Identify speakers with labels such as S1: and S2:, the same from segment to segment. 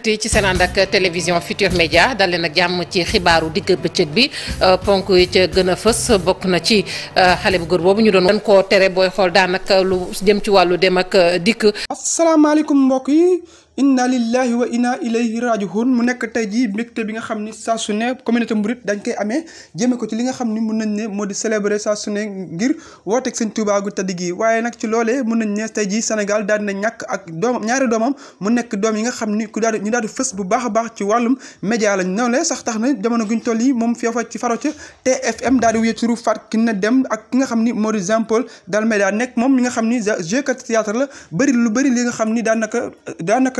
S1: ati ci seen ànd ak télévision Futur Média dal leen jàmm ci xibaaru digg bëccëg bi euh, ponk yi ca gën a fës bokk na ci euh, xale bu góor boobu ñu doon dañ koo tere booy xool daanaka lu jëm ci wàllu dem ak euh, dikk
S2: asalaamaaleykum mbokk yi inna lillahi wa inna ilayhi raji'un mu nekk tey jii mbégte bi nga xam ni saa su ne communauté mouride dañ koy amee jéeme ko ci li nga xam ni mun nañ ne moo di célébrer saa su ne ngir wooteeg sëñ Tuubaa gu tëdd gi waaye nag ci loolee mun nañ ne tey jii Sénégal daal dina ñàkk ak doom ñaari doomam mu nekk doom yi nga xam ni ku daal ñu daal di fës bu baax a baax ci wàllum média lañ noonu sax tax na jamono guñ toll yi moom fiofa ci faro ca TFM daal di wuye turu Fatou Kiné Dème ak ki nga xam ni moo di Jean Paul Dalméda nekk moom mi nga xam ni jeu kat théâtre la bari lu bëri li nga xam ni daanaka daanaka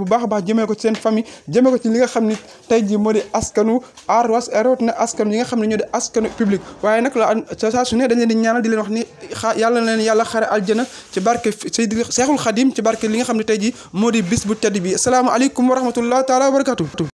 S2: bu baax a baax jëmee ko ci seen famille jëmee ko ci li nga xam ni tey jii moo di askanu aar was rawat na askanu yi nga xam ne ñoo di askanu public waaye nag la saa su ne dañ leen di ñaanal di leen wax ni a yàlla na leen yàlla xare aljana ci barke Seexul Xadim ci barke li nga xam ne tey jii moo di bis bu tedd bi asalaamaaleykum wa rahmatullah taala wa